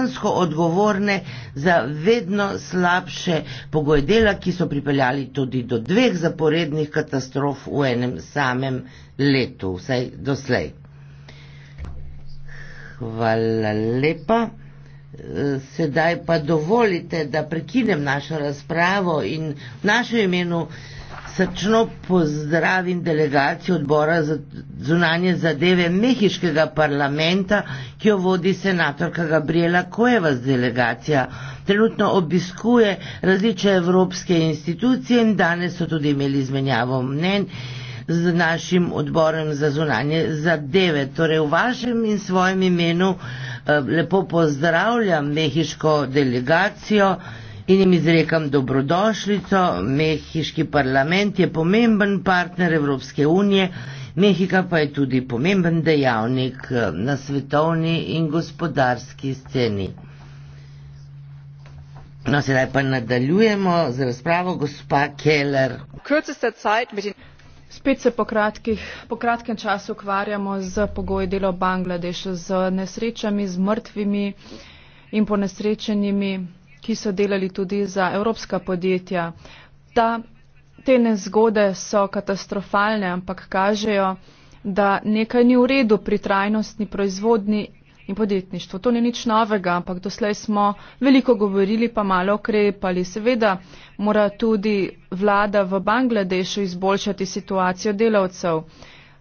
dejansko odgovorne za vedno slabše pogoje dela, ki so pripeljali tudi do dveh zaporednih katastrof v enem samem letu, vsaj doslej. Hvala lepa. Sedaj pa dovolite, da prekinem našo razpravo in v našem imenu srčno pozdravim delegacijo odbora za zunanje zadeve mehiškega parlamenta, ki jo vodi senatorka Gabriela Kojeva z delegacija. Trenutno obiskuje različne evropske institucije in danes so tudi imeli izmenjavo mnen z našim odborom za zunanje zadeve. Torej v vašem in svojem imenu eh, lepo pozdravljam mehiško delegacijo in jim izrekam dobrodošlico. Mehiški parlament je pomemben partner Evropske unije, Mehika pa je tudi pomemben dejavnik eh, na svetovni in gospodarski sceni. No, sedaj pa nadaljujemo z razpravo gospa Keller. Spet se po, kratkih, po kratkem času ukvarjamo z pogoji delo Bangladeš, z nesrečami, z mrtvimi in ponesrečenimi ki so delali tudi za evropska podjetja. Ta, te nezgode so katastrofalne, ampak kažejo, da nekaj ni v redu pri trajnostni proizvodni in podjetništvu. To ni nič novega, ampak doslej smo veliko govorili, pa malo ukrepali. Seveda mora tudi vlada v Bangladešu izboljšati situacijo delavcev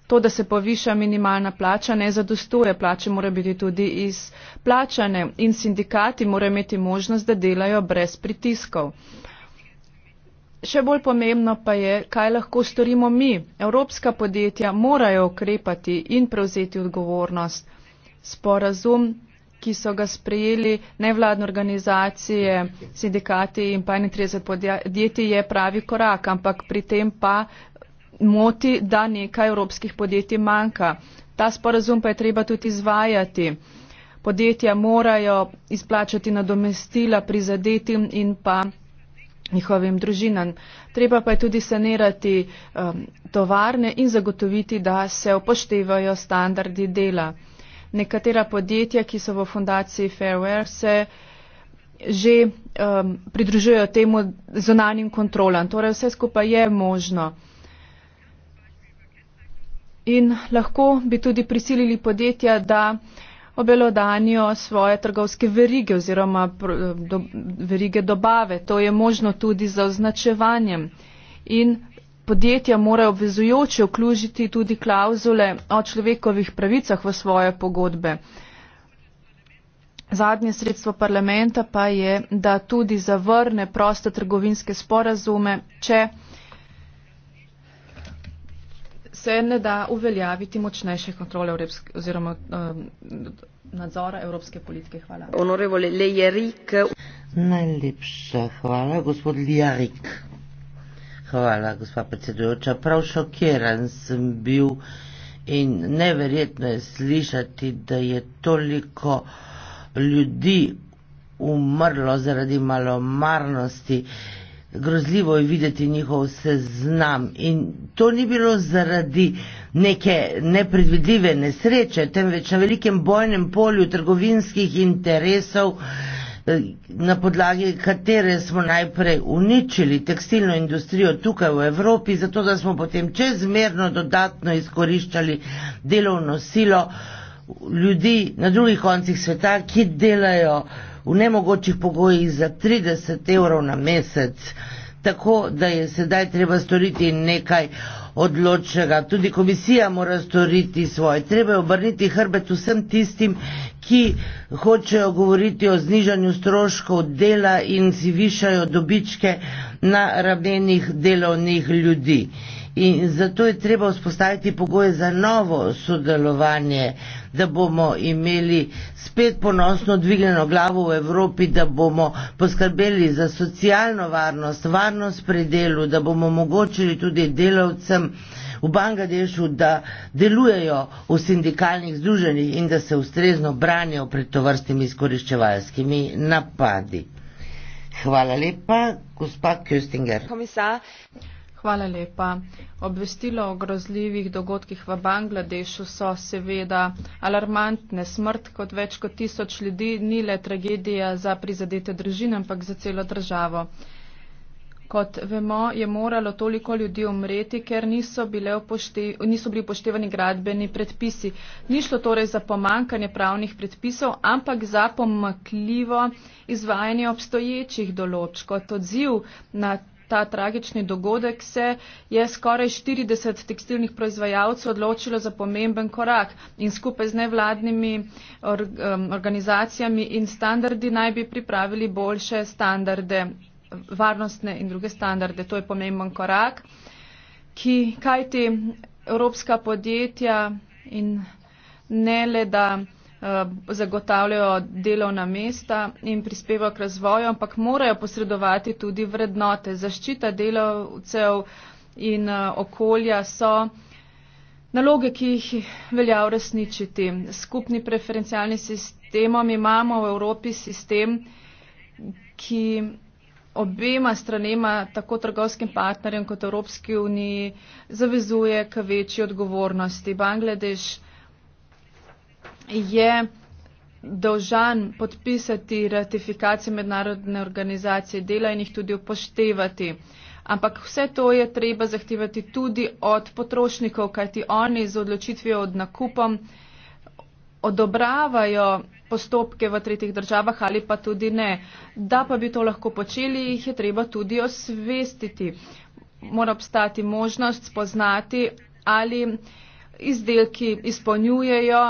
to, da se poviša minimalna plača, ne zadostuje. Plače morajo biti tudi izplačane in sindikati morajo imeti možnost, da delajo brez pritiskov. Še bolj pomembno pa je, kaj lahko storimo mi. Evropska podjetja morajo ukrepati in prevzeti odgovornost. Sporazum, ki so ga sprejeli nevladne organizacije, sindikati in pa 31 podjetij je pravi korak, ampak pri tem pa moti, da nekaj evropskih podjetij manjka. Ta sporazum pa je treba tudi izvajati. Podjetja morajo izplačati nadomestila prizadetim in pa njihovim družinam. Treba pa je tudi sanirati um, tovarne in zagotoviti, da se upoštevajo standardi dela. Nekatera podjetja, ki so v fundaciji Fairware, se že um, pridružujejo temu zonanim kontrolam. Torej vse skupaj je možno in lahko bi tudi prisilili podjetja, da obelodanijo svoje trgovske verige oziroma do, verige dobave. To je možno tudi za označevanjem. In podjetja morajo obvezujoče vključiti tudi klauzule o človekovih pravicah v svoje pogodbe. Zadnje sredstvo parlamenta pa je, da tudi zavrne proste trgovinske sporazume, če se ne da uveljaviti močnejše kontrole evropske, oziroma um, nadzora evropske politike. Hvala. Najlepša hvala, gospod Ljarik. Hvala, gospa predsedujoča. Prav šokiran sem bil in neverjetno je slišati, da je toliko ljudi umrlo zaradi malomarnosti. Uh, grozljivo je videti njihov seznam. In to ni bilo zaradi neke nepredvidljive nesreče, temveč na velikem bojnem polju trgovinskih interesov, eh, na podlagi katere smo najprej uničili tekstilno industrijo tukaj v Evropi, zato da smo potem čezmerno dodatno izkoriščali delovno silo ljudi na drugih koncih sveta, ki delajo v nemogočih pogojih za 30 evrov na mesec. Tako da je sedaj treba storiti nekaj odločnega. Tudi komisija mora storiti svoje. Treba je obrniti hrbet vsem tistim, ki hočejo govoriti o znižanju stroškov dela in si višajo dobičke na ramenih delovnih ljudi. In zato je treba vzpostaviti pogoje za novo sodelovanje, da bomo imeli spet ponosno dvigljeno glavo v Evropi, da bomo poskrbeli za socialno varnost, varnost pri delu, da bomo omogočili tudi delavcem v Bangladešu, da delujejo v sindikalnih združenjih in da se ustrezno branijo pred tovrstnimi izkoriščevalskimi napadi. Hvala lepa, gospod Köstinger. Komisar. Hvala lepa. Obvestilo o grozljivih dogodkih v Bangladešu so seveda alarmantne. Smrt kot več kot tisoč ljudi ni le tragedija za prizadete družine, ampak za celo državo. Kot vemo, je moralo toliko ljudi umreti, ker niso, bile upošte, niso bili upoštevani gradbeni predpisi. Nišlo torej za pomankanje pravnih predpisov, ampak za pomakljivo izvajanje obstoječih določb. Kot odziv na ta tragični dogodek, se je skoraj 40 tekstilnih proizvajalcev odločilo za pomemben korak in skupaj z nevladnimi organizacijami in standardi naj bi pripravili boljše standarde, varnostne in druge standarde. To je pomemben korak, ki kajti evropska podjetja in ne le da Eh, zagotavljajo delovna mesta in prispevajo k razvoju, ampak morajo posredovati tudi vrednote. Zaščita delovcev in eh, okolja so naloge, ki jih velja uresničiti. Skupni preferencialni sistemom imamo v Evropi sistem, ki obema stranema, tako trgovskim partnerjem kot Evropski uniji, zavezuje k večji odgovornosti. Bangladeš je dolžan podpisati ratifikacije mednarodne organizacije dela in jih tudi upoštevati. Ampak vse to je treba zahtevati tudi od potrošnikov, kajti oni z odločitvijo od nakupom odobravajo postopke v tretjih državah ali pa tudi ne. Da pa bi to lahko počeli, jih je treba tudi osvestiti. Mora obstati možnost spoznati, ali izdelki izpolnjujejo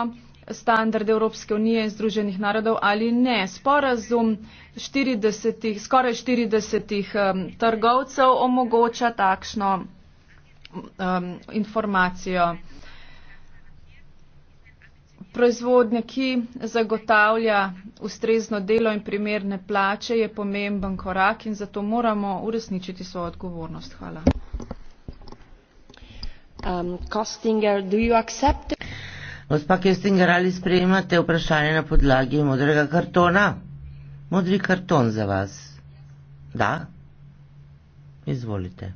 standarde Evropske unije in Združenih narodov ali ne. Sporazum 40, skoraj 40 um, trgovcev omogoča takšno um, informacijo. Proizvodnja, ki zagotavlja ustrezno delo in primerne plače, je pomemben korak in zato moramo uresničiti svojo odgovornost. Hvala. Um, Kostinger, do you accept it? Gospa Kestinger, ali sprejemate vprašanje na podlagi modrega kartona? Modri karton za vas. Da? Izvolite.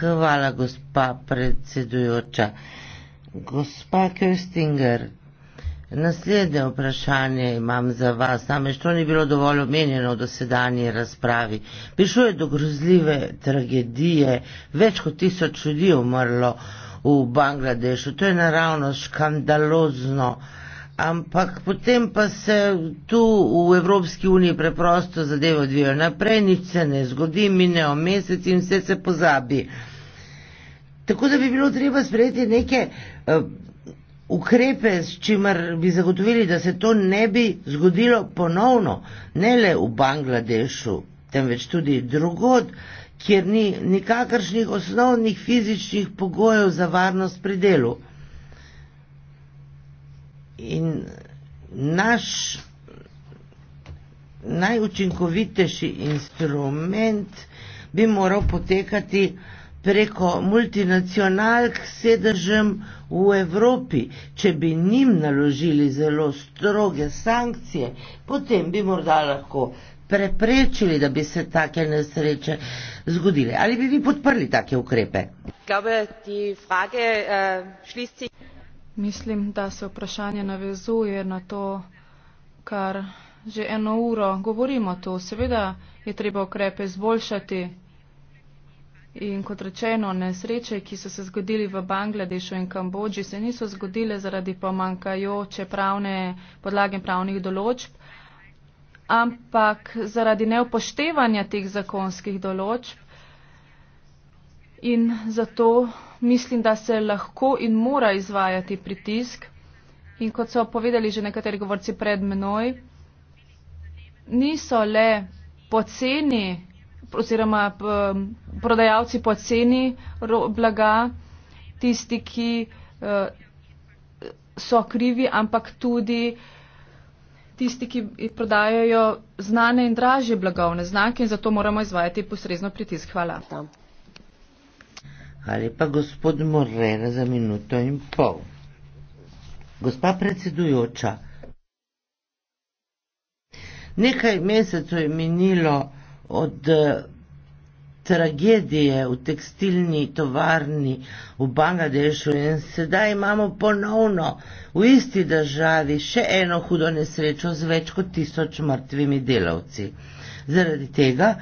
Hvala, gospa predsedujoča. Gospa Kestinger, Naslednje vprašanje imam za vas, namreč to ni bilo dovolj omenjeno v dosedanji razpravi. Prišlo je do grozljive tragedije, več kot tisoč ljudi je umrlo v Bangladešu, to je naravno škandalozno, ampak potem pa se tu v Evropski uniji preprosto zadeva odvija naprej, nič se ne zgodi, mine o mesec in vse se pozabi. Tako da bi bilo treba sprejeti neke uh, ukrepe, s čimer bi zagotovili, da se to ne bi zgodilo ponovno, ne le v Bangladešu, temveč tudi drugod, kjer ni nikakršnih osnovnih fizičnih pogojev za varnost pri delu. In naš najučinkovitejši instrument bi moral potekati preko multinacionalk sedežem v Evropi, če bi njim naložili zelo stroge sankcije, potem bi morda lahko preprečili, da bi se take nesreče zgodile. Ali bi vi podprli take ukrepe? Äh, Mislim, da se vprašanje navezuje na to, kar že eno uro govorimo tu. Seveda je treba ukrepe zboljšati. In kot rečeno, nesreče, ki so se zgodili v Bangladešu in Kambodži, se niso zgodile zaradi pomankajoče pravne podlage pravnih določb, ampak zaradi neupoštevanja teh zakonskih določb. In zato mislim, da se lahko in mora izvajati pritisk. In kot so povedali že nekateri govorci pred menoj, niso le poceni oziroma prodajalci po ceni blaga, tisti, ki eh, so krivi, ampak tudi tisti, ki prodajajo znane in draže blagovne znake in zato moramo izvajati posredno pritisk. Hvala. Ali pa gospod Morena za minuto in pol. Gospa predsedujoča, nekaj mesecev je minilo od eh, tragedije v tekstilni tovarni v Bangladešu in sedaj imamo ponovno v isti državi še eno hudo nesrečo z več kot tisoč mrtvimi delavci. Zaradi tega,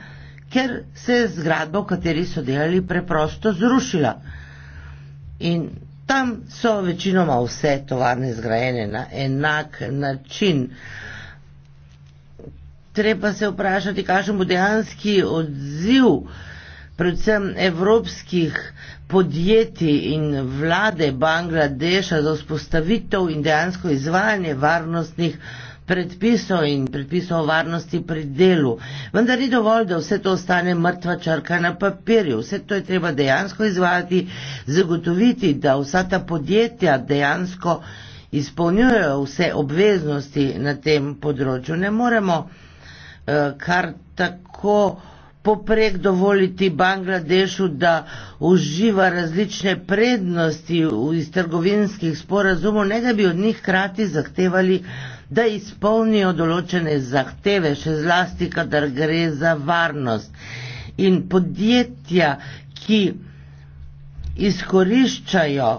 ker se je zgradba, v kateri so delali, preprosto zrušila. In tam so večinoma vse tovarne zgrajene na enak način. Uh, treba se vprašati, kakšen bo dejanski odziv predvsem evropskih podjetij in vlade Bangladeša za vzpostavitev in dejansko izvajanje varnostnih predpisov in predpisov o varnosti pri delu. Vendar ni dovolj, da vse to ostane mrtva črka na papirju. Vse to je treba dejansko izvajati, zagotoviti, da vsa ta podjetja dejansko izpolnjujejo vse obveznosti na tem področju. Ne moremo Eh, kar tako poprek dovoliti Bangladešu, da uživa različne prednosti iz trgovinskih sporazumov, ne da bi od njih krati zahtevali, da izpolnijo določene zahteve, še zlasti, kadar gre za varnost. In podjetja, ki izkoriščajo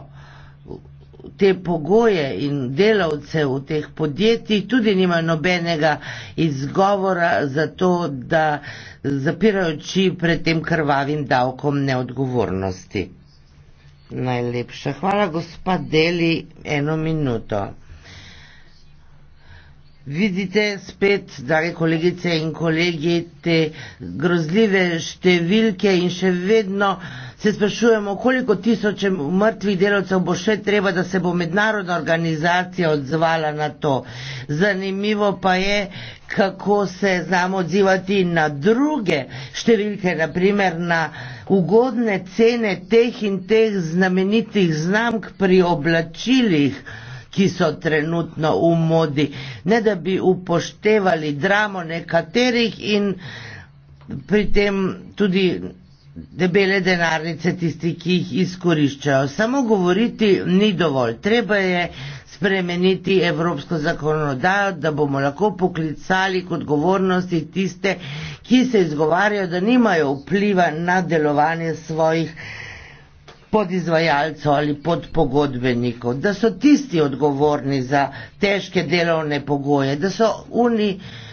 te pogoje in delavce v teh podjetjih tudi nimajo nobenega izgovora za to, da zapirajo oči pred tem krvavim davkom neodgovornosti. Najlepša. Hvala, gospa Deli, eno minuto. Vidite spet, drage kolegice in kolegi, te grozljive številke in še vedno uh, se sprašujemo, koliko tisoče mrtvih delavcev bo še treba, da se bo mednarodna organizacija odzvala na to. Zanimivo pa je, kako se znamo odzivati na druge številke, naprimer na ugodne cene teh in teh znamenitih znamk pri oblačilih ki so trenutno v modi, ne da bi upoštevali dramo nekaterih in pri tem tudi debele denarnice tisti, ki jih izkoriščajo. Samo govoriti ni dovolj. Treba je spremeniti evropsko zakonodajo, da bomo lahko poklicali k odgovornosti tiste, ki se izgovarjajo, da nimajo vpliva na delovanje svojih podizvajalcev ali podpogodbenikov, da so tisti odgovorni za težke delovne pogoje, da so oni. Uni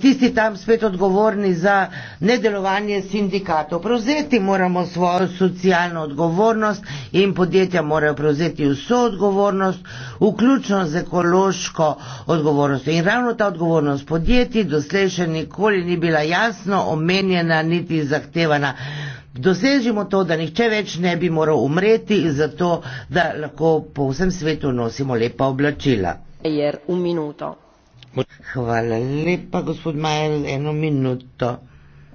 tisti tam spet odgovorni za nedelovanje sindikatov. Prevzeti moramo svojo socialno odgovornost in podjetja morajo prevzeti vso odgovornost, vključno z ekološko odgovornost. In ravno ta odgovornost podjetij doslej še nikoli ni bila jasno omenjena niti zahtevana. Dosežimo to, da nihče več ne bi moral umreti, zato da lahko po vsem svetu nosimo lepa oblačila. Jer, Hvala lepa, gospod Majer, eno minuto.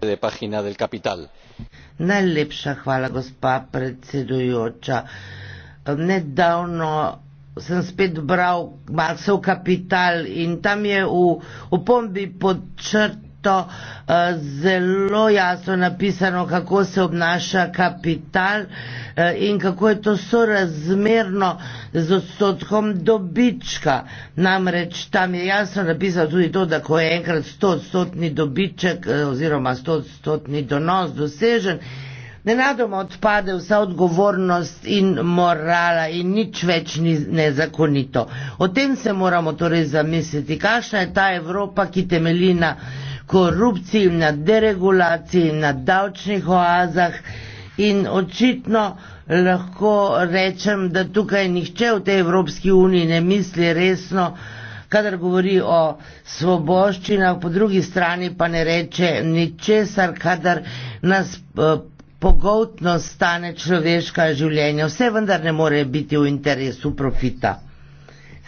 De página del capital. Najlepša hvala, gospa predsedujoča. Nedavno sem spet bral Marksov kapital in tam je v opombi pod črto uh, zelo jasno napisano, kako se obnaša kapital uh, in kako je to sorazmerno uh, z odstotkom dobička. Namreč tam je jasno napisal tudi to, da ko je enkrat 100-odstotni dobiček eh, oziroma 100-odstotni donos dosežen, nenadoma odpade vsa odgovornost in morala in nič več ni nezakonito. O tem se moramo torej zamisliti, kakšna je ta Evropa, ki temeljina korupciji, na deregulaciji, na davčnih oazah in očitno lahko rečem, da tukaj nihče v tej Evropski uniji ne misli resno, kadar govori o svoboščinah, po drugi strani pa ne reče ničesar, kadar nas eh, pogotno stane človeška življenja. Vse vendar ne more biti v interesu profita.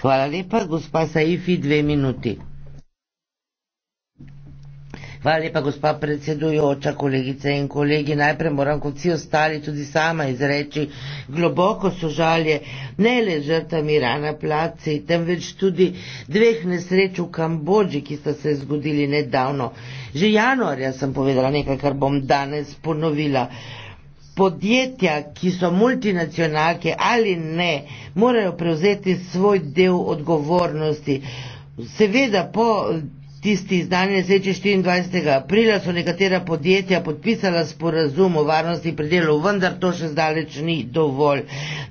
Hvala lepa, gospa Saifi, dve minuti. Hvala lepa, gospa predsedujoča, kolegice in kolegi. Najprej moram, kot vsi ostali, tudi sama izreči globoko sožalje ne le žrtvam Irana Placi, temveč tudi dveh nesreč v Kambodži, ki sta se zgodili nedavno. Že januarja sem povedala nekaj, kar bom danes ponovila. Podjetja, ki so multinacionalke ali ne, morajo prevzeti svoj del odgovornosti. Seveda po tisti izdani zdaj 24. aprila so nekatera podjetja podpisala sporazum o varnosti pri delu, vendar to še zdaleč ni dovolj.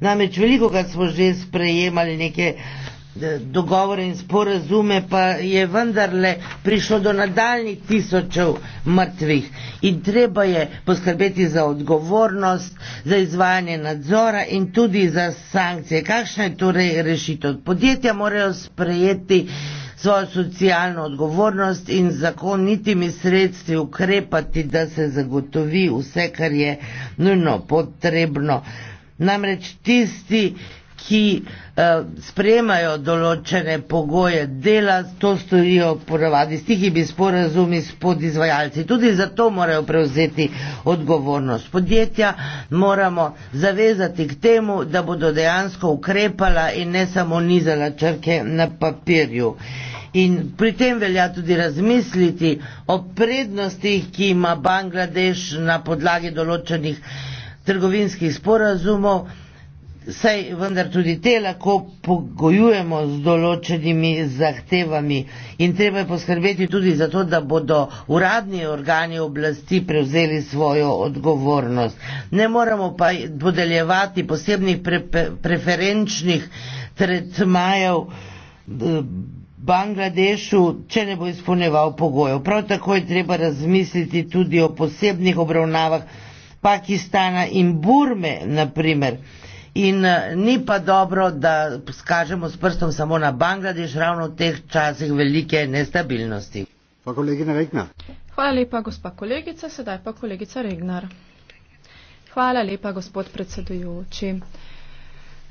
Namreč veliko krat smo že sprejemali neke eh, dogovore in sporazume, pa je vendarle prišlo do nadaljnih tisočev mrtvih in treba je poskrbeti za odgovornost, za izvajanje nadzora in tudi za sankcije. Kakšna je torej rešitev? Podjetja morajo sprejeti svojo socialno odgovornost in zakonitimi sredstvi ukrepati, da se zagotovi vse, kar je nujno potrebno. Namreč tisti, ki eh, sprejemajo določene pogoje dela, to storijo poravadi s tihimi sporazumi s podizvajalci. Tudi zato morajo prevzeti odgovornost podjetja, moramo zavezati k temu, da bodo dejansko ukrepala in ne samo nizala črke na papirju. Eh, In pri tem velja tudi razmisliti o prednostih, ki ima Bangladeš na podlagi določenih trgovinskih sporazumov, saj vendar tudi te lahko pogojujemo z določenimi zahtevami in treba je poskrbeti tudi za to, da bodo uradni organi oblasti prevzeli svojo odgovornost. Ne moramo pa podeljevati posebnih pre preferenčnih tretmajev. Eh, Bangladešu, če ne bo izpolneval pogojev. Prav tako je treba razmisliti tudi o posebnih obravnavah Pakistana in Burme, naprimer. In eh, ni pa dobro, da skažemo s prstom samo na Bangladeš, ravno v teh časih velike nestabilnosti. Pa kolegina Regnar. Hvala lepa, gospa kolegica, sedaj pa kolegica Regnar. Hvala lepa, gospod predsedujoči.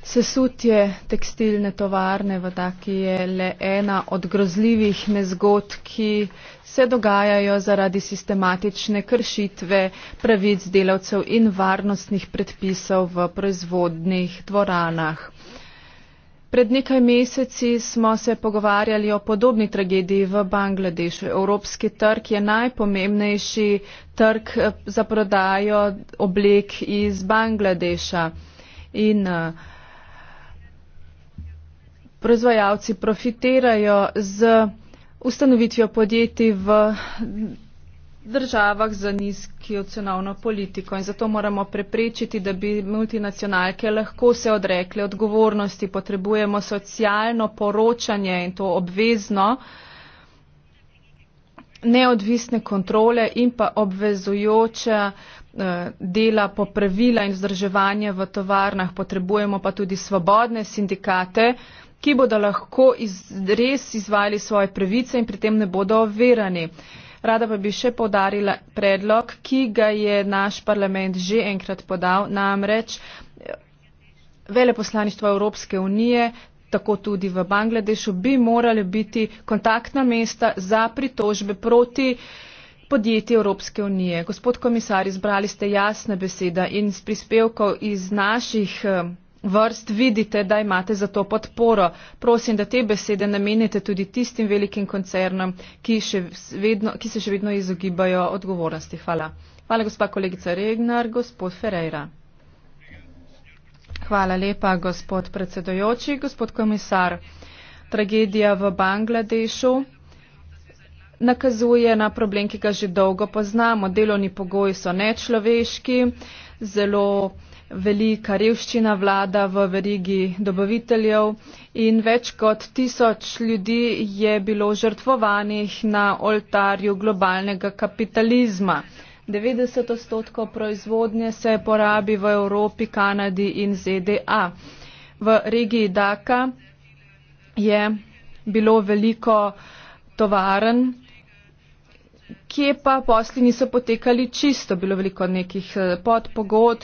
Sesutje tekstilne tovarne v Daki je le ena od grozljivih nezgod, ki se dogajajo zaradi sistematične kršitve pravic delavcev in varnostnih predpisov v proizvodnih dvoranah. Pred nekaj meseci smo se pogovarjali o podobni tragediji v Bangladešu. Evropski trg je najpomembnejši trg eh, za prodajo oblek iz Bangladeša. In, uh, proizvajalci profitirajo z ustanovitvijo podjetij v državah z nizkjo cenovno politiko in zato moramo preprečiti, da bi multinacionalke lahko se odrekle odgovornosti. Potrebujemo socialno poročanje in to obvezno neodvisne kontrole in pa obvezujoča eh, dela po pravila in vzdrževanje v tovarnah. Potrebujemo pa tudi svobodne sindikate, ki bodo lahko iz, res izvajali svoje pravice in pri tem ne bodo overani. Rada pa bi še povdarila predlog, ki ga je naš parlament že enkrat podal, namreč eh, veleposlaništvo Evropske unije tako tudi v Bangladešu, bi morali biti kontaktna mesta za pritožbe proti podjetji Evropske unije. Gospod komisar, izbrali ste jasne beseda in iz prispevkov iz naših eh, vrst vidite, da imate za to podporo. Prosim, da te besede namenite tudi tistim velikim koncernom, ki, še vedno, ki se še vedno izogibajo odgovornosti. Hvala. Hvala, gospa kolegica Regnar, gospod Ferreira. Hvala lepa, gospod predsedojoči, gospod komisar. Tragedija v Bangladešu nakazuje na problem, ki ga že dolgo poznamo. Delovni pogoji so nečloveški, zelo velika revščina vlada v verigi dobaviteljev in več kot tisoč ljudi je bilo žrtvovanih na oltarju globalnega kapitalizma. 90 odstotkov proizvodnje se porabi v Evropi, Kanadi in ZDA. V regiji Daka je bilo veliko tovaren, kje pa posli niso potekali čisto, bilo veliko nekih eh, podpogodb,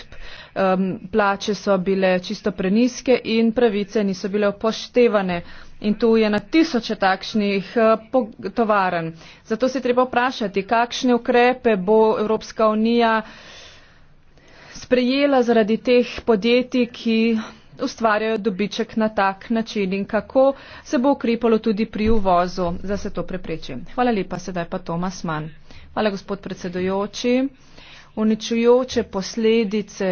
um, plače so bile čisto preniske in pravice niso bile upoštevane. In tu je na tisoče takšnih eh, tovaren. Zato se treba vprašati, kakšne ukrepe bo Evropska unija sprejela zaradi teh podjetij, ki ustvarjajo dobiček na tak način in kako se bo ukrepalo tudi pri uvozu, da se to prepreči. Hvala lepa, sedaj pa Tomas Mann. Hvala, gospod predsedujoči. Uničujoče posledice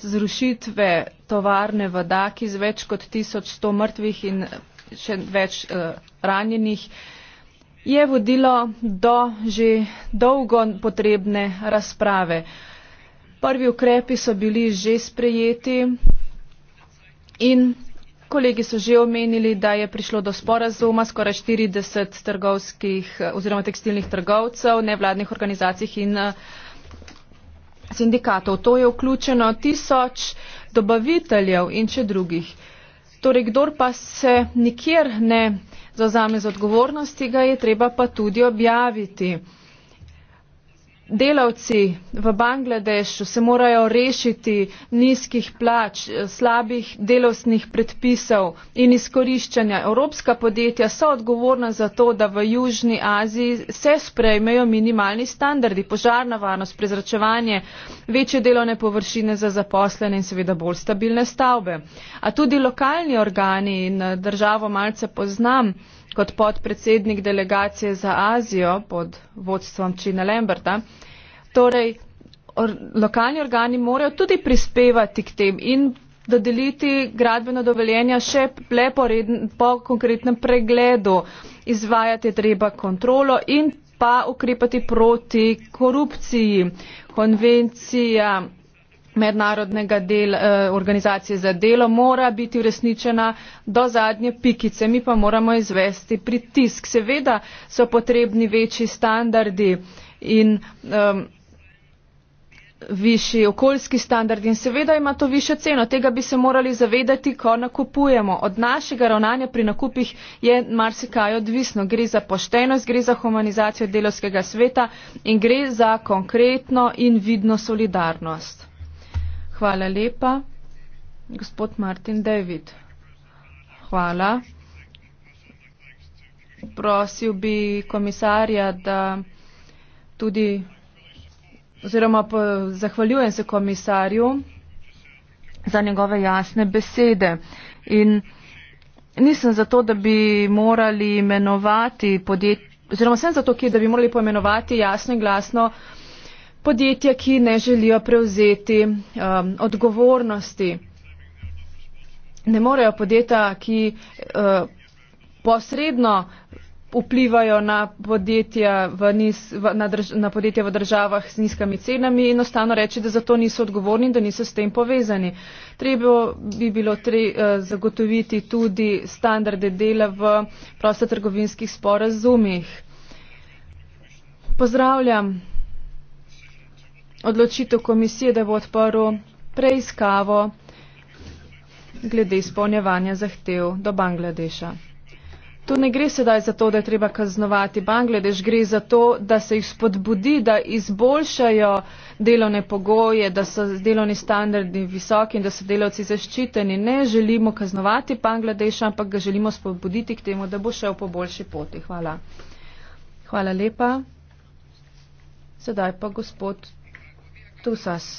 zrušitve tovarne v Daki z več kot 1100 mrtvih in še več uh, ranjenih je vodilo do že dolgo potrebne razprave. Prvi ukrepi so bili že sprejeti, in kolegi so že omenili, da je prišlo do sporazuma skoraj 40 trgovskih eh, oziroma tekstilnih trgovcev, nevladnih organizacij in eh, sindikatov. To je vključeno tisoč dobaviteljev in še drugih. Torej, kdor pa se nikjer ne zazame z odgovornosti, ga je treba pa tudi objaviti delavci v Bangladešu se morajo rešiti nizkih plač, slabih delovstnih predpisov in izkoriščanja. Evropska podjetja so odgovorna za to, da v Južni Aziji se sprejmejo minimalni standardi, požarna varnost, prezračevanje, večje delovne površine za zaposlene in seveda bolj stabilne stavbe. A tudi lokalni organi in eh, državo malce poznam kot podpredsednik delegacije za Azijo pod vodstvom Čine Lemberta, Torej, or, lokalni organi morajo tudi prispevati k tem in dodeliti gradbeno dovoljenje še le po, redn, po konkretnem pregledu. Izvajati je treba kontrolo in pa ukrepati proti korupciji. Konvencija mednarodnega del, eh, organizacije za delo mora biti uresničena do zadnje pikice. Mi pa moramo izvesti pritisk. Seveda so potrebni večji standardi in. Eh, višji okoljski standard in seveda ima to višjo ceno. Tega bi se morali zavedati, ko nakupujemo. Od našega ravnanja pri nakupih je marsikaj odvisno. Gre za poštenost, gre za humanizacijo delovskega sveta in gre za konkretno in vidno solidarnost. Hvala lepa. Gospod Martin David. Hvala. Prosil bi komisarja, da tudi oziroma po, zahvaljujem se komisarju za njegove jasne besede. In nisem zato, da bi morali imenovati podjetje, oziroma sem zato, ki, da bi morali poimenovati jasno in glasno podjetja, ki ne želijo prevzeti um, odgovornosti. Ne morejo podjetja, ki uh, posredno uh, vplivajo na podjetja v, niz, v, na drž, na podjetja v državah s nizkimi cenami in ostano reči, da za to niso odgovorni in da niso s tem povezani. Treba bi bilo tre, eh, zagotoviti tudi standarde dela v prostotrgovinskih sporazumih. Pozdravljam odločitev komisije, da bo odprl preiskavo glede izpolnjevanja zahtev do Bangladeša. To ne gre sedaj za to, da je treba kaznovati Bangladeš, gre za to, da se jih spodbudi, da izboljšajo delovne pogoje, da so delovni standardi visoki in da so delavci zaščiteni. Ne želimo kaznovati Bangladeša, ampak ga želimo spodbuditi k temu, da bo šel po boljši poti. Hvala. Hvala lepa. Sedaj pa gospod Tusas.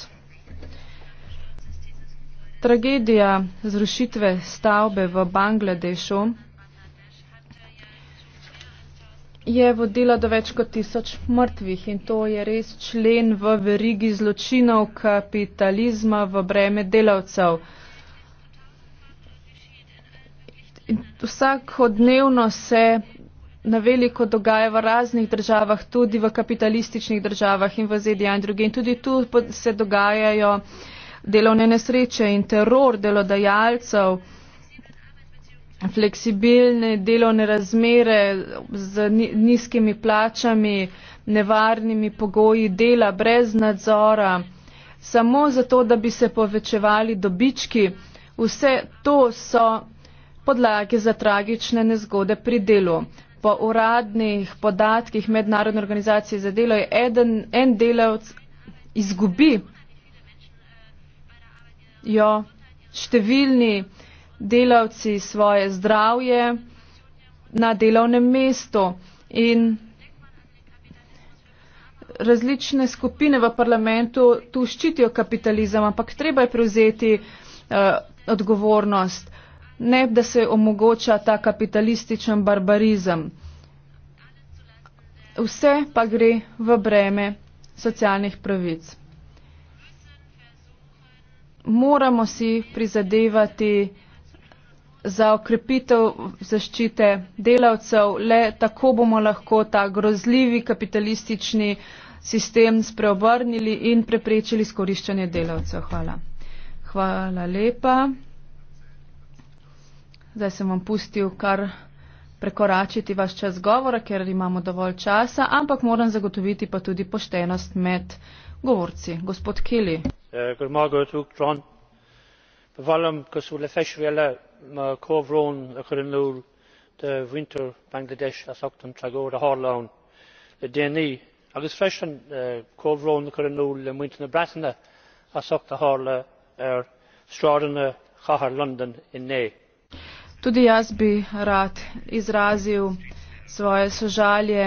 Tragedija zrušitve stavbe v Bangladešu je vodila do več kot tisoč mrtvih in to je res člen v verigi zločinov kapitalizma v breme delavcev. Vsakodnevno se naveliko dogaja v raznih državah, tudi v kapitalističnih državah in v ZDA in druge. In tudi tu se dogajajo delovne nesreče in teror delodajalcev fleksibilne delovne razmere z nizkimi plačami, nevarnimi pogoji dela, brez nadzora, samo zato, da bi se povečevali dobički. Vse to so podlage za tragične nezgode pri delu. Po uradnih podatkih Mednarodne organizacije za delo je eden, en delavc izgubi jo številni delavci svoje zdravje na delovnem mestu. In različne skupine v parlamentu tu ščitijo kapitalizem, ampak treba je prevzeti eh, odgovornost, ne da se omogoča ta kapitalističen barbarizem. Vse pa gre v breme socialnih pravic. Moramo si prizadevati, za okrepitev zaščite delavcev. Le tako bomo lahko ta grozljivi kapitalistični sistem spreobrnili in preprečili skoriščanje delavcev. Hvala. Hvala lepa. Zdaj sem vam pustil kar prekoračiti vaš čas govora, ker imamo dovolj časa, ampak moram zagotoviti pa tudi poštenost med govorci. Gospod Kili. Eh, uh, mar comhrón a chuireann leabhar de mhuintir bangladesh a thiocton tagore a thorlabhán le déanaí agus freisin comhrón a chuireann leabhar le muintir na breataine a thiocht a tharla ar stradanna chathair london in né Tudi jaz bi rad izrazil svoje sožalje,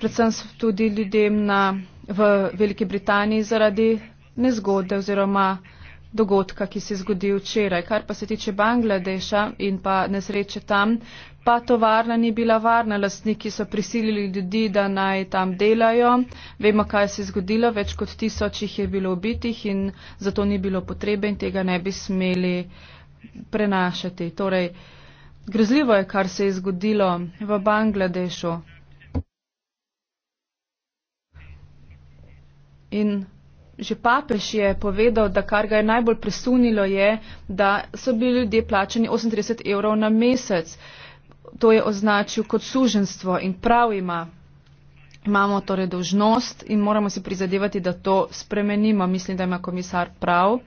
predvsem tudi ljudem na, v Veliki Britaniji zaradi nezgode oziroma dogodka, ki se je zgodil včeraj. Kar pa se tiče Bangladeša in pa nesreče tam, pa tovarna ni bila varna. Lastniki so prisilili ljudi, da naj tam delajo. Vemo, kaj se je zgodilo. Več kot tisoč jih je bilo ubitih in zato ni bilo potrebe in tega ne bi smeli prenašati. Torej, grozljivo je, kar se je zgodilo v Bangladešu. In Že papež je povedal, da kar ga je najbolj presunilo je, da so bili ljudje plačeni 38 evrov na mesec. To je označil kot suženstvo in prav ima. Imamo torej dožnost in moramo se prizadevati, da to spremenimo. Mislim, da ima komisar prav.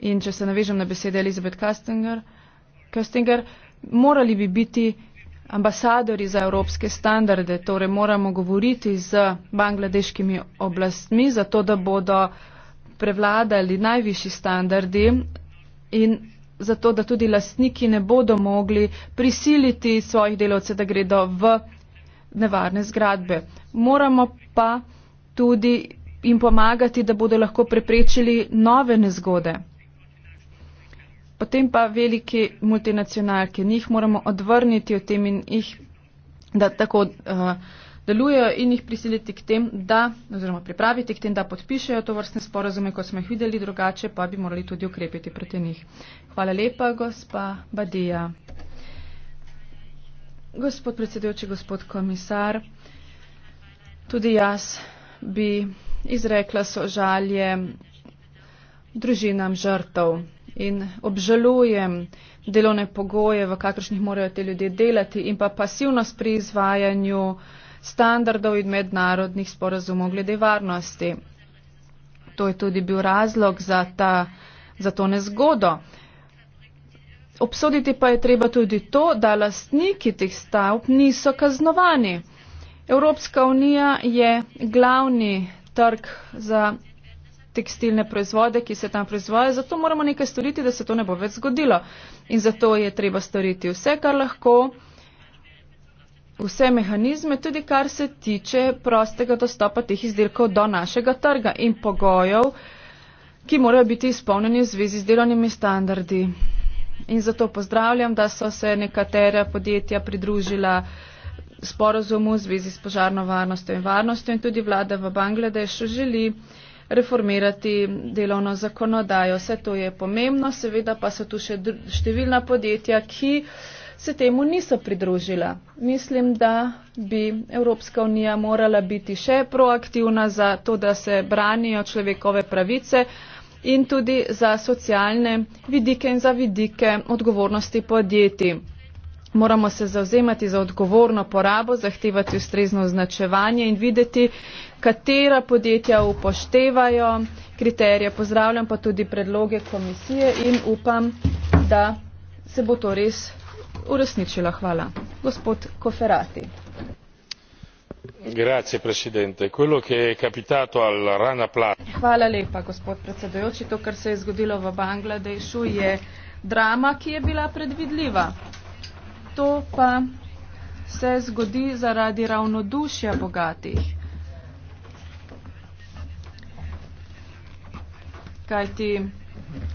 In če se navežem na besede Elizabeth Kastinger, Kastinger morali bi biti ambasadori za evropske standarde, torej moramo govoriti z bangladeškimi oblastmi, zato da bodo prevladali najvišji standardi in zato, da tudi lastniki ne bodo mogli prisiliti svojih delovcev, da gredo v nevarne zgradbe. Moramo pa tudi jim pomagati, da bodo lahko preprečili nove nezgode potem pa velike multinacionalke. Njih moramo odvrniti od tem in jih, da tako uh, delujejo in jih prisiliti k tem, da, oziroma pripraviti k tem, da podpišejo to vrstne sporozume, kot smo jih videli, drugače pa bi morali tudi ukrepiti proti njih. Hvala lepa, gospa Badija. Gospod predsedujoči, gospod komisar, tudi jaz bi izrekla sožalje družinam žrtev in obžalujem delovne pogoje, v kakršnih morajo te ljudje delati in pa pasivnost pri izvajanju standardov in mednarodnih sporazumov glede varnosti. To je tudi bil razlog za, ta, za to nezgodo. Obsoditi pa je treba tudi to, da lastniki teh stavb niso kaznovani. Evropska unija je glavni trg za tekstilne proizvode, ki se tam proizvaja, zato moramo nekaj storiti, da se to ne bo več zgodilo. In zato je treba storiti vse, kar lahko, vse mehanizme, tudi kar se tiče prostega dostopa teh izdelkov do našega trga in pogojev, ki morajo biti izpolnjeni v zvezi z delovnimi standardi. In zato pozdravljam, da so se nekatera podjetja pridružila sporozumu v zvezi s požarno varnostjo in varnostjo in tudi vlada v Bangladešu želi, reformirati delovno zakonodajo. Vse to je pomembno, seveda pa so tu še številna podjetja, ki se temu niso pridružila. Mislim, da bi Evropska unija morala biti še proaktivna za to, da se branijo človekove pravice in tudi za socialne vidike in za vidike odgovornosti podjetij moramo se zauzemati za odgovorno porabo, zahtevati ustrezno označevanje in videti, katera podjetja upoštevajo kriterije. Pozdravljam pa tudi predloge komisije in upam, da se bo to res uresničilo. Hvala. Gospod Koferati. Grazie, presidente. Quello che è capitato al Rana Plaza. Hvala lepa, gospod predsedujoči. To, kar se je zgodilo v Bangladešu, je drama, ki je bila predvidljiva to pa se zgodi zaradi ravnodušja bogatih. Kaj ti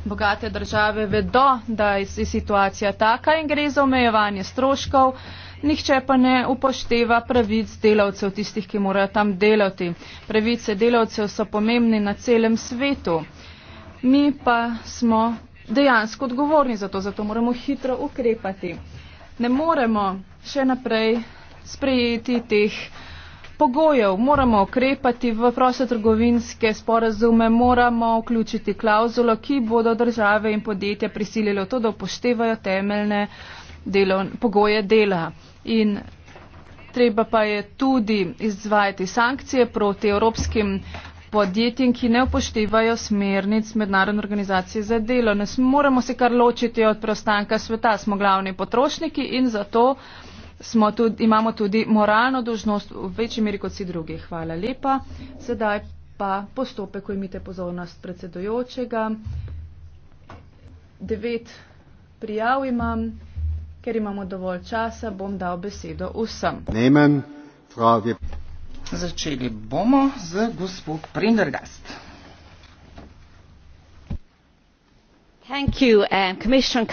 bogate države vedo, da je situacija taka in gre za omejevanje stroškov, nihče pa ne upošteva pravic delavcev, tistih, ki morajo tam delati. Pravice delavcev so pomembne na celem svetu. Mi pa smo dejansko odgovorni za to, zato moramo hitro ukrepati ne moremo še naprej sprejeti teh pogojev. Moramo ukrepati v prostotrgovinske sporazume, moramo vključiti klauzulo, ki bodo države in podjetja prisilile v to, da upoštevajo temeljne delo, pogoje dela. In treba pa je tudi izvajati sankcije proti evropskim podjetjem, ki ne upoštevajo smernic Mednarodne organizacije za delo. Ne moremo se kar ločiti od preostanka sveta, smo glavni potrošniki in zato tudi, imamo tudi moralno dožnost v večji meri kot vsi drugi. Hvala lepa. Sedaj pa postopek, ko imite pozornost predsedojočega. Devet prijav imam. Ker imamo dovolj časa, bom dal besedo vsem. Nehmen, frage. Začeli bomo z gospod Prindergast. Thank you, um,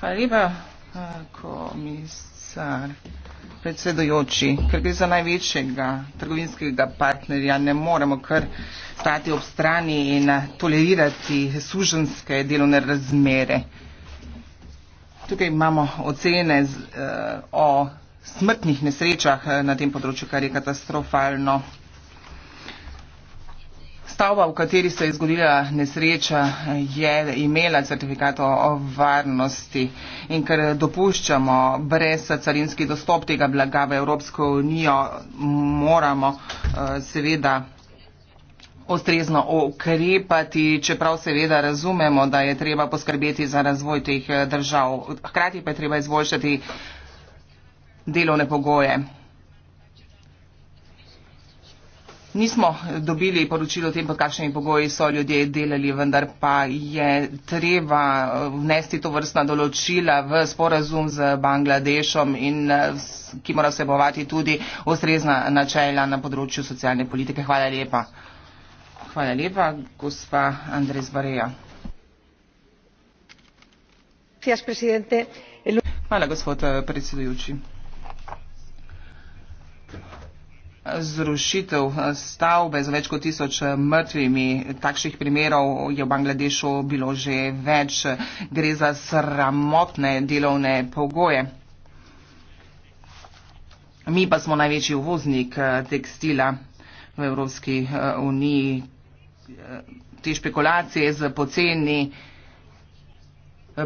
Hvala lepa, uh, komisar predsedujoči. Ker gre za največjega trgovinskega partnerja, ne moremo kar stati ob strani in uh, tolerirati suženske delovne razmere. Tukaj imamo ocene z, uh, o smrtnih nesrečah eh, na tem področju, kar je katastrofalno. Stavba, v kateri se je zgodila nesreča, je imela certifikat o varnosti in ker dopuščamo brez carinski dostop tega blaga v Evropsko unijo, moramo eh, seveda ostrezno ukrepati, čeprav seveda razumemo, da je treba poskrbeti za razvoj teh eh, držav. Hkrati pa je treba izboljšati delovne pogoje. Nismo dobili poročilo o tem, pod kakšnimi pogoji so ljudje delali, vendar pa je treba uh, vnesti to vrstna določila v sporazum z Bangladešom, in, uh, ki mora vsebovati tudi ustrezna načela na področju socialne politike. Hvala lepa. Hvala lepa, gospa Andres Bareja. Hvala, gospod uh, predsedujoči. zrušitev stavbe z več kot tisoč mrtvimi. Takšnih primerov je v Bangladešu bilo že več. Gre za sramotne delovne pogoje. Mi pa smo največji uvoznik eh, tekstila v Evropski eh, uniji. Eh, te špekulacije z poceni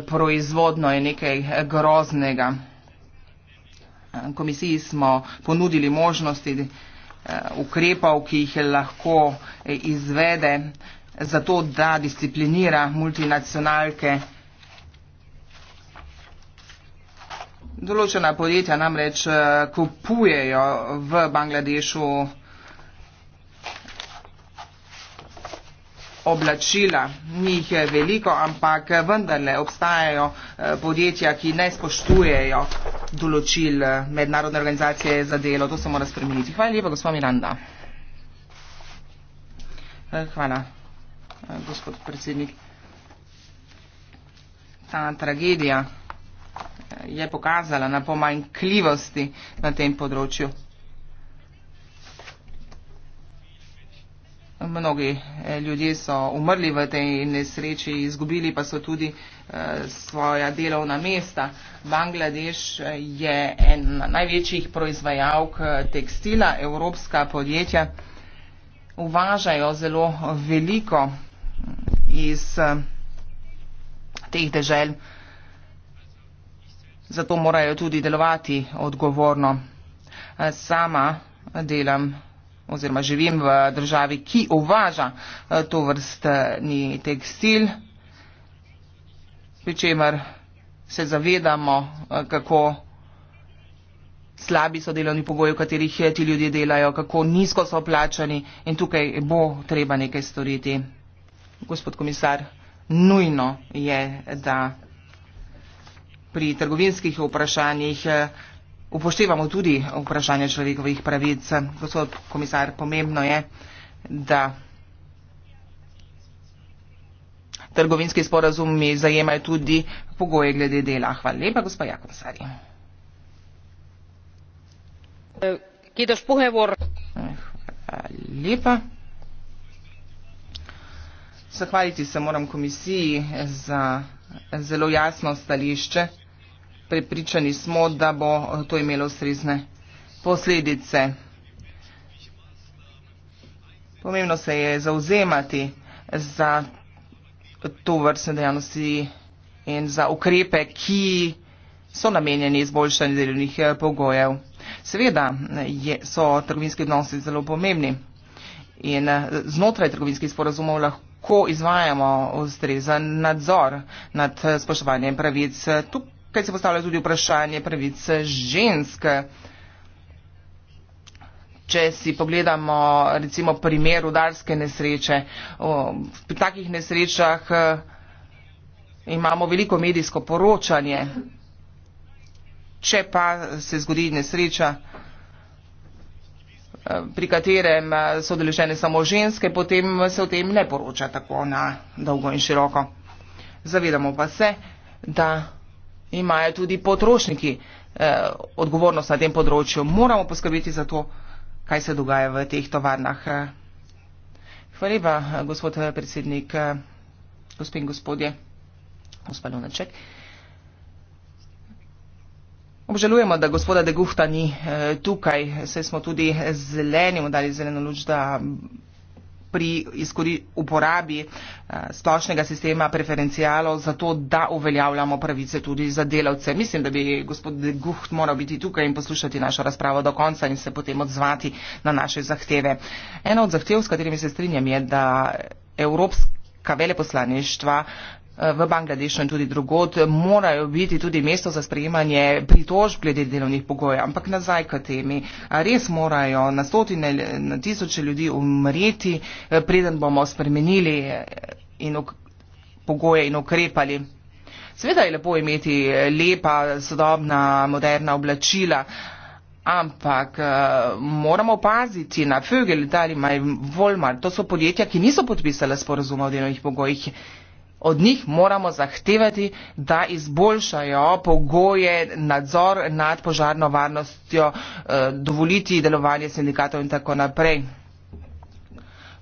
proizvodno je nekaj groznega. Komisiji smo ponudili možnosti eh, ukrepov, ki jih lahko eh, izvede zato, da disciplinira multinacionalke. Določena podjetja namreč eh, kupujejo v Bangladešu oblačila. Njih je veliko, ampak vendarle obstajajo podjetja, ki ne spoštujejo določil eh, mednarodne organizacije za delo. To se mora spremeniti. Hvala lepa, gospod Miranda. Eh, hvala, eh, gospod predsednik. Ta tragedija je pokazala na pomanjkljivosti na tem področju. Mnogi eh, ljudje so umrli v tej nesreči, izgubili pa so tudi eh, svoja delovna mesta. Bangladeš eh, je ena največjih proizvajalk tekstila. Evropska podjetja uvažajo zelo veliko mm, iz teh dežel. Zato morajo tudi delovati odgovorno. Sama delam oziroma živim v državi, ki uvaža eh, to vrstni tekstil, pri čemer se zavedamo, eh, kako slabi so delovni pogoji, v katerih eh, ti ljudje delajo, kako nizko so plačani in tukaj bo treba nekaj storiti. Gospod komisar, nujno je, da pri trgovinskih vprašanjih upoštevamo tudi vprašanje človekovih pravic. Gospod komisar, pomembno je, da trgovinski sporazumi zajemajo tudi pogoje glede dela. Hvala lepa, gospod Jakonsari. Lepa. Zahvaliti se moram komisiji za zelo jasno stališče prepričani smo, da bo to imelo srezne posledice. Pomembno se je zauzemati za to vrstne dejavnosti in za ukrepe, ki so namenjeni izboljšanju delovnih eh, pogojev. Seveda je, so trgovinski odnosi zelo pomembni in eh, znotraj trgovinskih sporazumov lahko izvajamo ustrezen nadzor nad eh, spoštovanjem pravic. Tukaj kaj se postavlja tudi vprašanje pravice žensk. Če si pogledamo recimo primer udarske nesreče, pri takih nesrečah eh, imamo veliko medijsko poročanje. Če pa se zgodi nesreča, eh, pri katerem eh, so deležene samo ženske, potem se o tem ne poroča tako na dolgo in široko. Zavedamo pa se, da imajo tudi potrošniki eh, odgovornost na tem področju. Moramo poskrbeti za to, kaj se dogaja v teh tovarnah. Hvala lepa, gospod eh, predsednik, eh, gospod in gospodje, gospod Lunaček. Obžalujemo, da gospoda Degufta ni eh, tukaj. Se smo tudi zelenim dali zeleno luč, da pri uporabi eh, splošnega sistema preferencijalov za to, da uveljavljamo pravice tudi za delavce. Mislim, da bi gospod Guht moral biti tukaj in poslušati našo razpravo do konca in se potem odzvati na naše zahteve. Ena od zahtev, s katerimi se strinjam, je, da evropska veleposlaništva v Bangladešu in tudi drugod morajo biti tudi mesto za sprejemanje pritožb glede delovnih pogojev. Ampak nazaj k temi. Res morajo na stotine, na tisoče ljudi umreti, eh, preden bomo spremenili eh, in ok pogoje in ukrepali. Sveda je lepo imeti eh, lepa, sodobna, moderna oblačila, ampak moramo paziti na Fögel, Dalimaj, Volmar. To so podjetja, ki niso podpisala sporazuma o delovnih pogojih. Od njih moramo zahtevati, da izboljšajo pogoje, nadzor nad požarno varnostjo, eh, dovoliti delovanje sindikatov in tako naprej.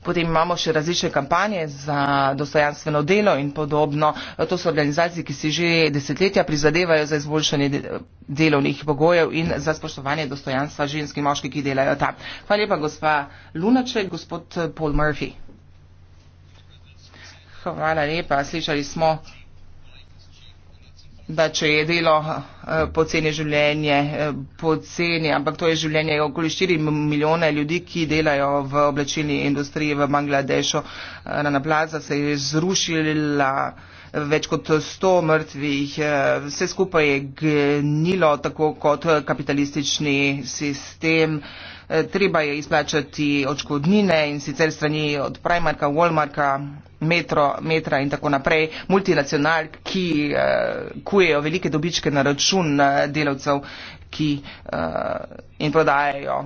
Potem imamo še različne kampanje za dostojanstveno delo in podobno. To so organizacije, ki si že desetletja prizadevajo za izboljšanje delovnih pogojev in za spoštovanje dostojanstva ženskih moških, ki delajo tam. Hvala lepa, gospa Lunaček, gospod Paul Murphy. Hvala lepa. Slišali smo, da če je delo eh, poceni življenje, eh, poceni, ampak to je življenje okoli 4 milijone ljudi, ki delajo v oblačilni industriji v Bangladešu. Rana eh, plaza se je zrušila več kot 100 mrtvih, eh, vse skupaj je gnilo, tako kot eh, kapitalistični sistem. Eh, treba je izplačati očkodnine in sicer strani od Primarka, Walmarka, metro, Metra in tako naprej, multinacional, ki kujejo velike dobičke na račun delavcev ki, in prodajajo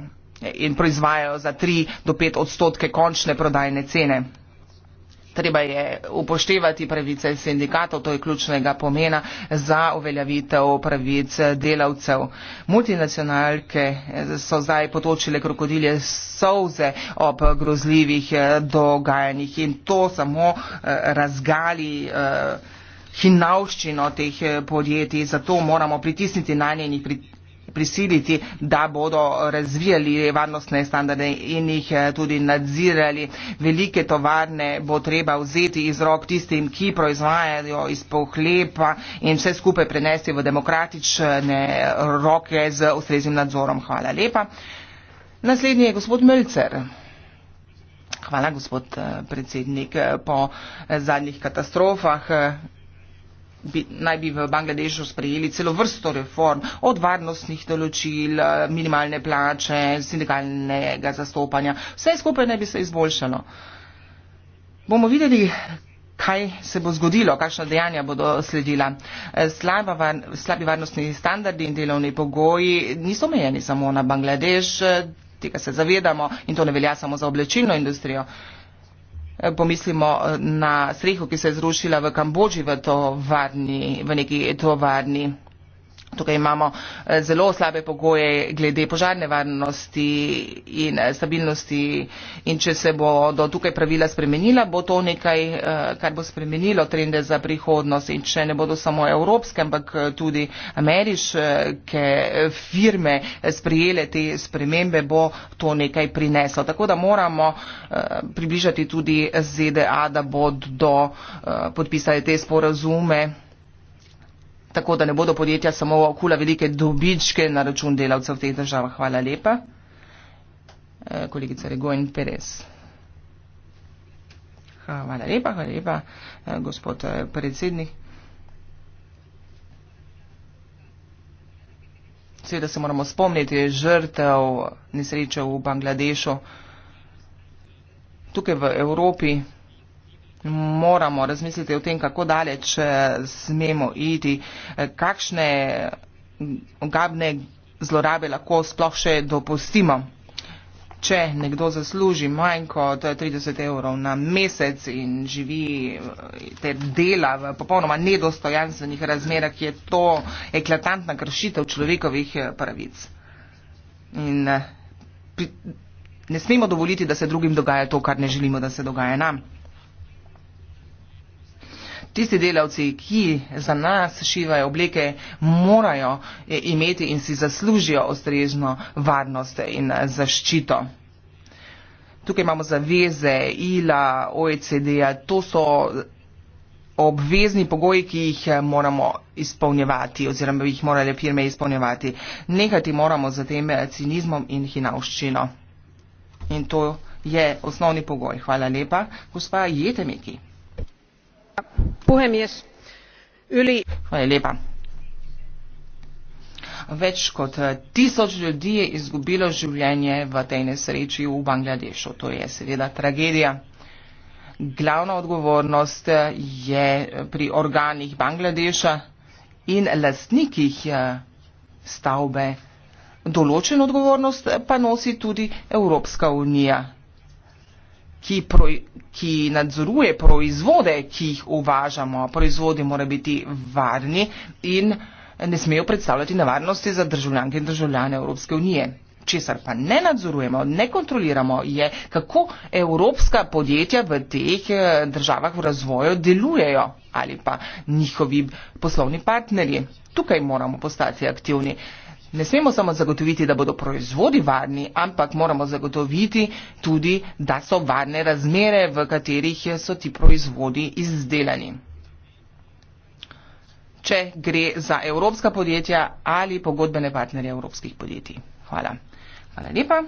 in proizvajajo za 3 do 5 odstotke končne prodajne cene. Treba je upoštevati pravice sindikatov, to je ključnega pomena za uveljavitev pravic delavcev. Multinacionalke so zdaj potočile krokodilje solze ob grozljivih dogajanjih in to samo eh, razgali eh, hinavščino teh podjetij, zato moramo pritisniti na njenih pritiskih prisiliti, da bodo razvijali varnostne standarde in jih eh, tudi nadzirali. Velike tovarne bo treba vzeti iz rok tistim, ki proizvajajo iz pohlepa in vse skupaj prenesti v demokratične roke z ustreznim nadzorom. Hvala lepa. Naslednji je gospod Mölcer. Hvala, gospod eh, predsednik. Po eh, zadnjih katastrofah bi, naj bi v Bangladešu sprejeli celo vrsto reform, od varnostnih določil, eh, minimalne plače, sindikalnega zastopanja. Vse skupaj naj bi se izboljšalo. Bomo videli, kaj se bo zgodilo, kakšna dejanja bodo sledila. Eh, slaba, var, slabi varnostni standardi in delovni pogoji niso omejeni samo na Bangladeš, eh, tega se zavedamo in to ne velja samo za oblečilno industrijo pomislimo eh, na streho, ki se je zrušila v Kambodži v tovarni, v neki tovarni. Tukaj imamo eh, zelo slabe pogoje glede požarne varnosti in eh, stabilnosti in če se bodo tukaj pravila spremenila, bo to nekaj, eh, kar bo spremenilo trende za prihodnost in če ne bodo samo evropske, ampak tudi ameriške firme sprijele te spremembe, bo to nekaj prineslo. Tako da moramo približati tudi ZDA, da bodo podpisali te sporazume tako da ne bodo podjetja samo okula velike dobičke na račun delavcev v teh državah. Hvala lepa. Eh, kolegica Regojn Perez. Hvala lepa, hvala lepa, eh, gospod eh, predsednik. Seveda se moramo spomniti žrtev nesreče v Bangladešu. Tukaj v Evropi moramo razmisliti o tem, kako daleč eh, smemo iti, eh, kakšne ogabne zlorabe lahko sploh še dopustimo. Če nekdo zasluži manj kot 30 evrov na mesec in živi eh, ter dela v popolnoma nedostojanstvenih razmerah, je to eklatantna kršitev človekovih pravic. In ne smemo dovoliti, da se drugim dogaja to, kar ne želimo, da se dogaja nam tisti delavci, ki za nas šivajo obleke, morajo e, imeti in si zaslužijo ustrežno varnost in e, zaščito. Tukaj imamo zaveze ILA, OECD-ja, to so obvezni pogoji, ki jih e, moramo izpolnjevati oziroma bi jih morale firme izpolnjevati. Nehati moramo z tem cinizmom in hinavščino. In to je osnovni pogoj. Hvala lepa, gospa Jetemeki. Thank you puhemies yli lepa. Več kot eh, tisoč ljudi je izgubilo življenje v tej nesreči v Bangladešu. To je seveda tragedija. Glavna odgovornost eh, je eh, pri organih Bangladeša in lastnikih stavbe. Določen odgovornost pa nosi tudi Evropska unija ki, pro, ki nadzoruje proizvode, ki jih uvažamo. Proizvodi mora biti varni in ne smejo predstavljati nevarnosti za državljanke in državljane Evropske unije. Česar pa ne nadzorujemo, ne kontroliramo, je, kako evropska podjetja v teh eh, državah v razvoju delujejo ali pa njihovi poslovni partnerji. Tukaj moramo postati aktivni. Ne smemo samo zagotoviti, da bodo proizvodi varni, ampak moramo zagotoviti tudi, da so varne razmere, v katerih so ti proizvodi izdelani. Če gre za evropska podjetja ali pogodbene partnerje evropskih podjetij. Hvala. Hvala lepa.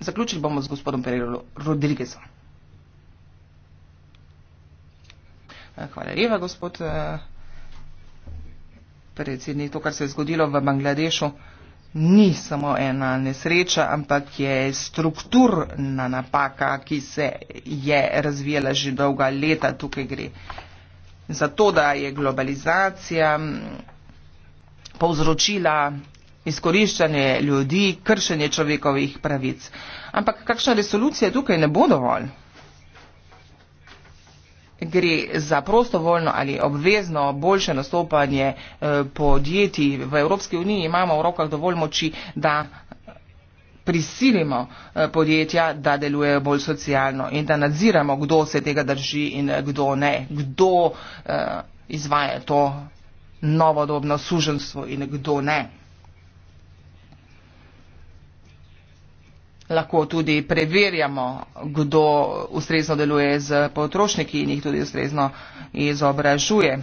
Zaključili bomo z gospodom Pereiro Rodriguezom. Hvala lepa, gospod eh, predsednik. To, kar se je zgodilo v Bangladešu, ni samo ena nesreča, ampak je strukturna napaka, ki se je razvijala že dolga leta. Tukaj gre za to, da je globalizacija mm, povzročila izkoriščanje ljudi, kršenje človekovih pravic. Ampak kakšna resolucija tukaj ne bo dovolj gre za prostovoljno ali obvezno boljše nastopanje eh, podjetij v Evropski uniji, imamo v rokah dovolj moči, da prisilimo eh, podjetja, da delujejo bolj socialno in da nadziramo, kdo se tega drži in eh, kdo ne, kdo izvaja to novodobno suženstvo in kdo ne. lahko tudi preverjamo, kdo ustrezno deluje z potrošniki in jih tudi ustrezno izobražuje.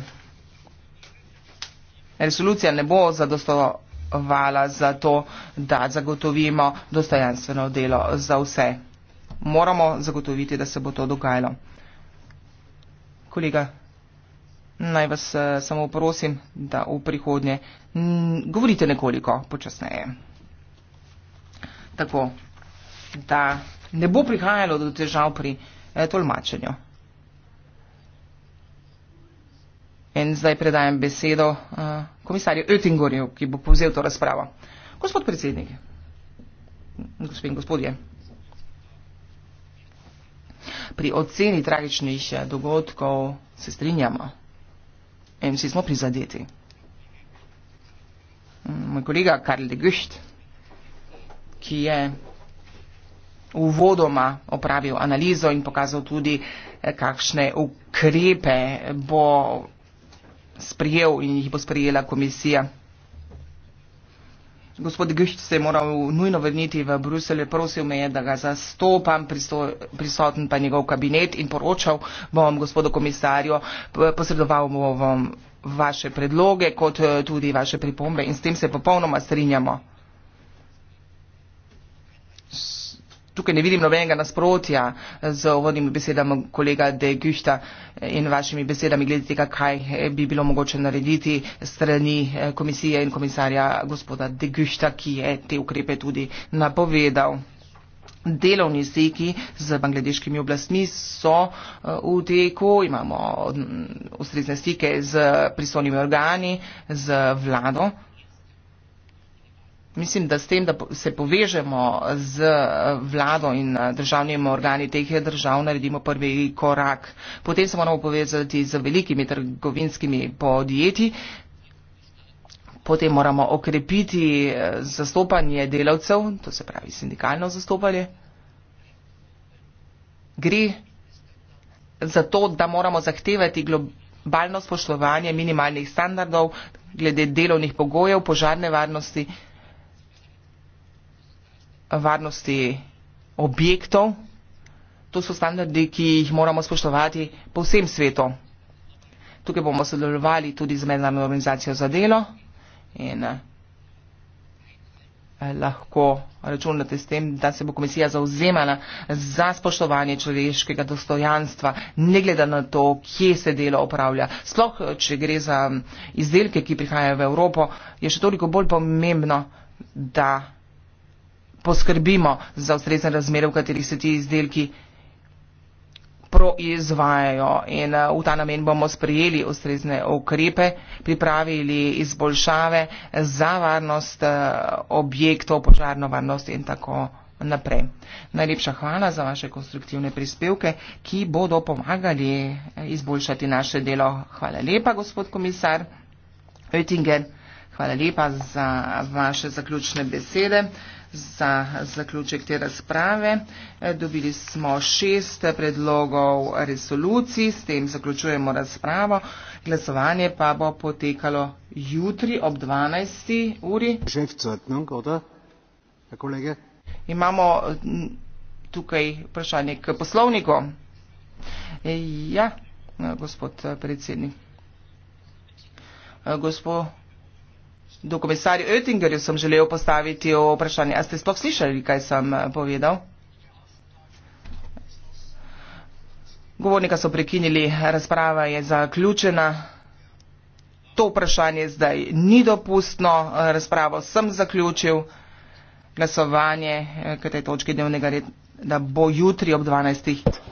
Resolucija ne bo zadostovala za to, da zagotovimo dostojanstveno delo za vse. Moramo zagotoviti, da se bo to dogajalo. Kolega, naj vas eh, samo prosim, da v prihodnje govorite nekoliko počasneje. Tako da ne bo prihajalo do težav pri eh, tolmačenju. In zdaj predajem besedo eh, komisarju Oettingerju, ki bo povzel to razpravo. Gospod predsednik, gospod in gospodje, pri oceni tragičnih eh, dogodkov se strinjamo in vsi smo prizadeti. Moj kolega Karl de Gucht, ki je uvodoma opravil analizo in pokazal tudi, eh, kakšne ukrepe bo sprijel in jih bo sprijela komisija. Gospod Gišč se je moral nujno vrniti v Bruselj, prosil me je, da ga zastopam, prisoten pa njegov kabinet in poročal bom gospodu komisarju, posredoval bom vaše predloge, kot eh, tudi vaše pripombe in s tem se popolnoma strinjamo. tukaj ne vidim nobenega nasprotja z vodnimi besedami kolega De Gušta in vašimi besedami glede tega, kaj bi bilo mogoče narediti strani eh, komisije in komisarja gospoda De Gušta, ki je te ukrepe tudi napovedal. Delovni stiki z bangladeškimi oblastmi so eh, v teku, imamo mm, ustrezne stike z pristojnimi organi, z vlado. Mislim, da s tem, da se povežemo z eh, vlado in eh, državnimi organi teh držav, naredimo prvi korak. Potem se moramo povezati z velikimi trgovinskimi podjetji. Potem moramo okrepiti eh, zastopanje delavcev, to se pravi sindikalno zastopanje. Gre za to, da moramo zahtevati globalno spoštovanje minimalnih standardov glede delovnih pogojev, požarne varnosti varnosti objektov. To so standardi, ki jih moramo spoštovati po vsem svetu. Tukaj bomo sodelovali tudi z mednarodno organizacijo za delo in eh, lahko računate s tem, da se bo komisija zauzemala za spoštovanje človeškega dostojanstva, ne glede na to, kje se delo opravlja. Sploh, če gre za mm, izdelke, ki prihajajo v Evropo, je še toliko bolj pomembno, da poskrbimo za ustrezne razmere, v katerih se ti izdelki proizvajajo in eh, v ta namen bomo sprejeli ustrezne ukrepe, pripravili izboljšave za varnost eh, objektov, požarno varnost in tako naprej. Najlepša hvala za vaše konstruktivne prispevke, ki bodo pomagali eh, izboljšati naše delo. Hvala lepa, gospod komisar Oettinger. Hvala lepa za vaše zaključne besede za zaključek te razprave. E, dobili smo šest predlogov resolucij, s tem zaključujemo razpravo. Glasovanje pa bo potekalo jutri ob 12. uri. Ja, Imamo tukaj vprašanje k poslovniku. E, ja, gospod predsednik. E, gospod Do komisarja Oettingerja sem želel postaviti vprašanje. A ste sploh slišali, kaj sem eh, povedal? Govornika so prekinili, razprava je zaključena. To vprašanje zdaj ni dopustno, eh, razpravo sem zaključil. Glasovanje eh, k tej točki dnevnega reda bo jutri ob 12.